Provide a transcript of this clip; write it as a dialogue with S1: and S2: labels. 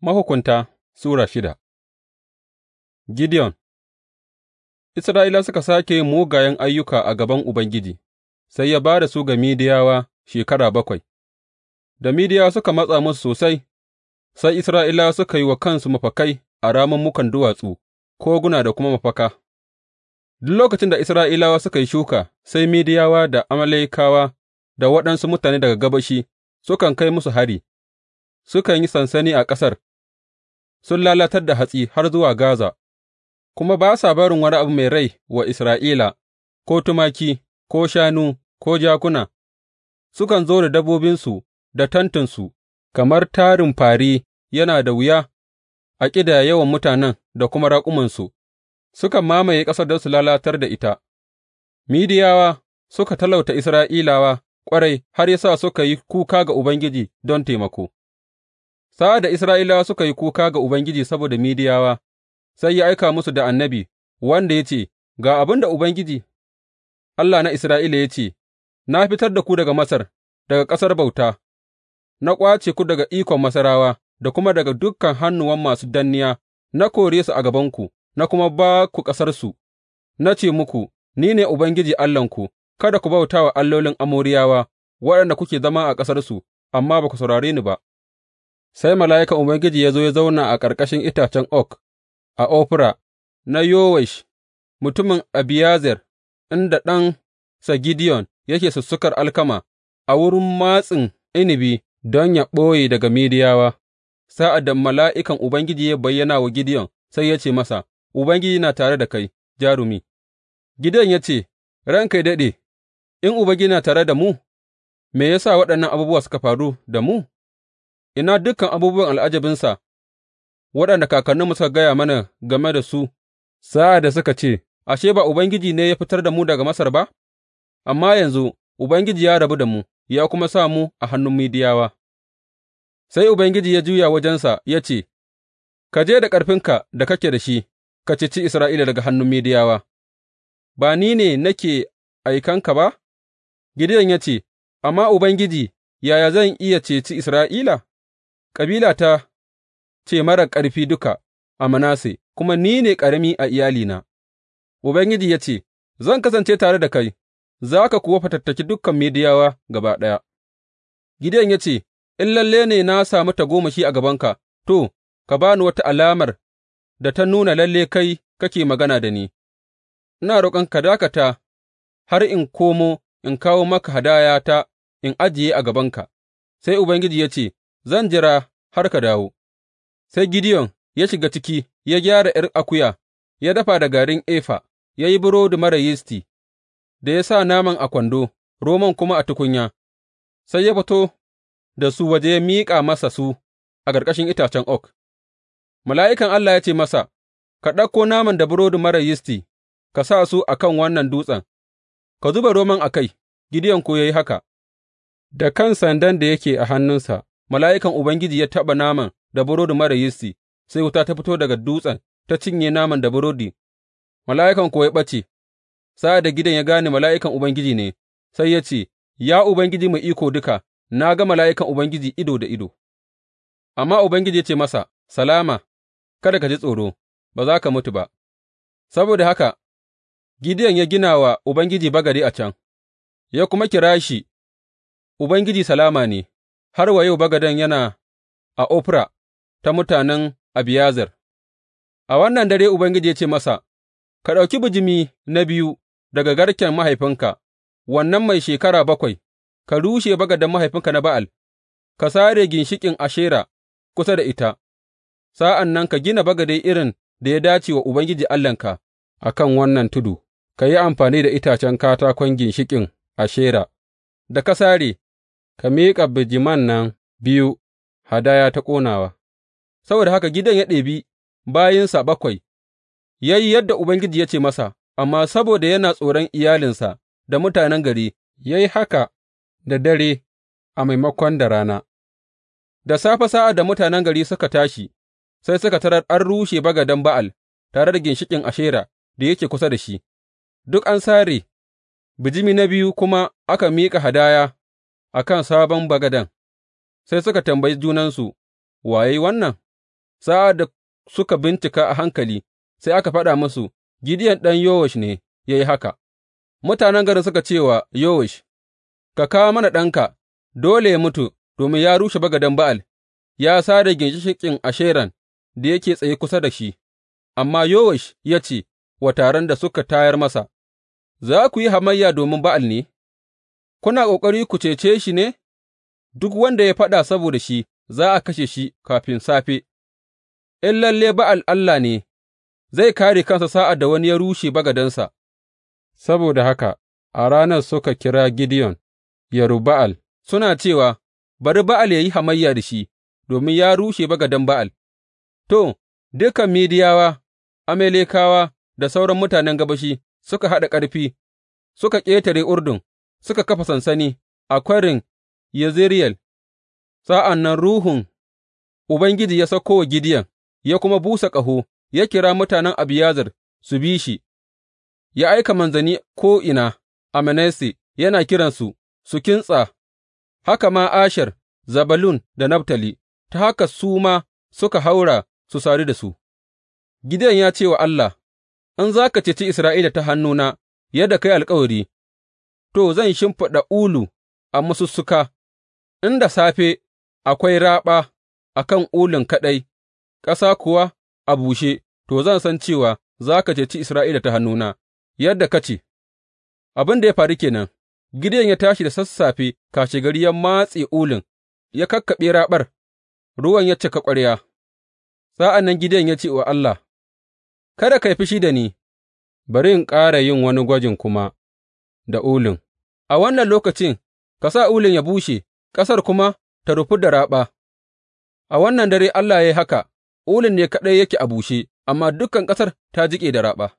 S1: Mahukunta Sura shida Gideon Isra'ila suka sake mugayen ayyuka a gaban Ubangiji, sai ya ba da su ga Midiyawa shekara bakwai, da Midiyawa suka matsa musu sosai, sai Isra'ila suka yi wa kansu mafakai a mukan duwatsu, koguna da kuma mafaka. Duk lokacin da Isra'ilawa suka yi shuka, sai Midiyawa da Amalekawa da waɗansu mutane daga gabashi sukan kai musu hari, sukan yi sansani a ƙasar. sun lalatar da hatsi har zuwa Gaza, kuma ba sa barin wani abu mai rai wa Isra'ila, ko tumaki, ko shanu, ko jakuna, sukan zo da dabbobinsu da tantinsu kamar tarin fari yana da wuya a ƙidaya yawan mutanen da kuma raƙumansu, sukan mamaye ƙasar don su lalatar da ita. Midiyawa suka talauta Isra'ilawa ƙwarai har ya sa suka yi kuka ga Ubangiji don taimako. Sa'ad da Isra'ilawa suka yi kuka ga Ubangiji saboda Midiyawa, sai ya aika musu da annabi wanda ya ce, Ga abin da Ubangiji, Allah na Isra'ila ya ce, Na fitar da ku daga Masar, daga ƙasar bauta, na ƙwace ku daga ikon Masarawa da kuma daga dukan hannuwan masu danniya, na kore su a gabanku, na kuma ba ku ƙasarsu, na ce muku, Ni ne Ubangiji Allahnku, kada ku bauta wa allolin Amoriyawa waɗanda kuke zama a ƙasarsu, amma ba ku saurare ni ba. sai mala'ikan Ubangiji ya zo ya zauna a ƙarƙashin itacen ok a Ofra na Yowash, mutumin Abiyezer, inda ɗansa Gideon yake sussukar alkama a wurin matsin inibi don ya ɓoye daga Midiyawa. Sa'ad da mala'ikan Ubangiji ya bayyana wa Gideon sai ya ce masa, Ubangiji na tare da kai, jarumi. Gideon ya ce, Ranka daɗe, in Ubangiji na tare da mu, me ya sa waɗannan abubuwa suka faru da mu? ina dukan abubuwan al'ajabinsa waɗanda kakanninmu suka gaya mana game da su sa'ad da suka ce, Ashe, ba Ubangiji ne ya fitar da mu daga Masar ba? Amma yanzu Ubangiji ya rabu da mu, ya kuma sa mu a hannun Midiyawa. Sai Ubangiji ya juya wajensa ya ce, Ka je da ƙarfinka da kake da shi, ka cici Isra'ila daga hannun Midiyawa, ba ni ne nake aikanka ba? Gideon ya ce, Amma Ubangiji, yaya zan iya ceci Isra'ila? Kabilata ce marar ƙarfi duka a Manasse, kuma ni ne ƙarami a iyalina, Ubangiji ya ce, Zan kasance tare da kai, za ka kuwa fatattaki dukan Midiyawa gaba ɗaya. Gideyon ya ce, In lalle ne na sami tagomashi a gabanka, to, ka ba ni wata alamar da ta nuna lalle kai kake magana da ni, ina roƙon ka dakata har in komo in kawo maka hadayata in ajiye a gabanka. Sai Ubangiji ya ce, Zan jira har ka dawo. Sai Gideyon ya shiga ciki ya gyara ’yar akuya, ya dafa da garin efa, ya yi burodi marar yisti, da ya sa naman a kwando, roman kuma a tukunya, sai ya fito da su waje ya miƙa masa su a ƙarƙashin itacen ok Mala'ikan Allah ya ce masa, Ka ɗauko naman da burodi marar yisti, ka sa su a kan wannan dutsen, ka zuba roman a kai, Gideyon ko ya yi haka, da kan sandan da yake a hannunsa. Mala'ikan Ubangiji ya taɓa naman da burodi marar yisti, sai wuta ta fito daga dutsen ta cinye naman da burodi, mala'ikan kuwa ya ɓace. Sa'ad da gidan ya gane mala'ikan Ubangiji ne, sai ya ce, Ya Ubangiji mai iko duka, na ga mala'ikan Ubangiji ido da ido. Amma Ubangiji ya ce masa, Salama, kada ka ji tsoro, ba za ka mutu ba. Saboda haka, Gideon ya gina wa Ubangiji bagade a can, ya kuma kira shi, Ubangiji salama ne. Har wa yau bagaden yana a Ofra ta mutanen Abiyezer. A wannan dare Ubangiji ya ce masa, Ka ɗauki bijimi na biyu daga garken mahaifinka, wannan mai shekara bakwai, ka rushe bagaden mahaifinka na Ba'al, ka sare ginshiƙin Ashera kusa da ita, sa'an nan ka gina bagade irin da ya dace wa Ubangiji Allahnka a kan wannan tudu, ka yi amfani da itacen katakon ginshiƙin Ashera da ka sare ka miƙa bijiman nan biyu hadaya ta ƙonawa. Saboda haka gidan ya ɗebi bayinsa bakwai, ya yi yadda Ubangiji ya ce masa, amma saboda yana tsoron iyalinsa da mutanen gari, ya yi haka da dare a maimakon da rana. Da safe sa'ad da mutanen gari suka tashi, sai suka tarar an rushe bagaden Ba'al tare da ginshiƙin Ashera da yake kusa da shi, duk an sare, bijimi na biyu kuma aka miƙa hadaya a kan sabon bagaden, sai suka tambayi junansu, Wa ya yi wannan? Sa'ad da suka bincika a hankali, sai aka faɗa musu, Gideon ɗan Yowash ne ya yi haka. Mutanen garin suka ce wa Yowash, Ka kawo mana ɗanka, dole ya mutu, domin ya rushe bagaden Ba'al, ya sare ginshiƙin Asheran da yake tsaye kusa da shi. Amma Yowash ya ce wa taron da suka tayar masa, Za ku yi hamayya domin Ba'al ne? kuna ƙoƙari ku cece shi ne, duk wanda ya faɗa saboda shi za a kashe shi kafin safe, in lalle Ba'al Allah ne, zai kare kansa sa'ad da wani ya rushe bagadansa, saboda haka a ranar suka kira Gideon, Ba’al, suna cewa, Bari Ba'al ya yi hamayya da shi, domin ya rushe bagadan Ba'al. To, dukan Midiyawa, Amalekawa da sauran mutanen gabashi suka haɗa ƙarfi, suka ƙetare Urdun. suka kafa sansani a Kwarin Yezireyel, sa'an nan Ruhun Ubangiji ya sauko wa Gideyon, ya kuma busa ƙaho, ya kira mutanen Abiyazar su bi shi, ya aika manzanni ko'ina a Manasse yana kiransu su kintsa, haka ma Asher, Zabalun da Naftali, ta haka su ma suka haura su sari da su. Gideon ya ce wa Allah, In za ka ceci Isra'ila ta hannuna yadda ka yi alkawari, to, zan shimfiɗa ulu a masussuka, inda safe akwai raɓa a kan ulun kaɗai, ƙasa kuwa a bushe, to, zan san cewa za ka ceci Isra'ila ta hannuna, yadda ka ce, abin da ya faru kenan nan, Gideon ya tashi da sassafe kashegari ya matse ulun, ya kakkaɓe raɓar, ruwan ya cika ƙwarya. Sa'an nan Gideon ya ce wa Allah, Kada ka yi fushi da ni, bari in ƙara yin wani gwajin kuma. da ulun, a wannan lokacin ka sa ulun ya bushe, ƙasar kuma ta rufu da raɓa. A wannan dare Allah ya yi haka, ulun ne kaɗai yake a bushe, amma dukan ƙasar ta jiƙe da raɓa.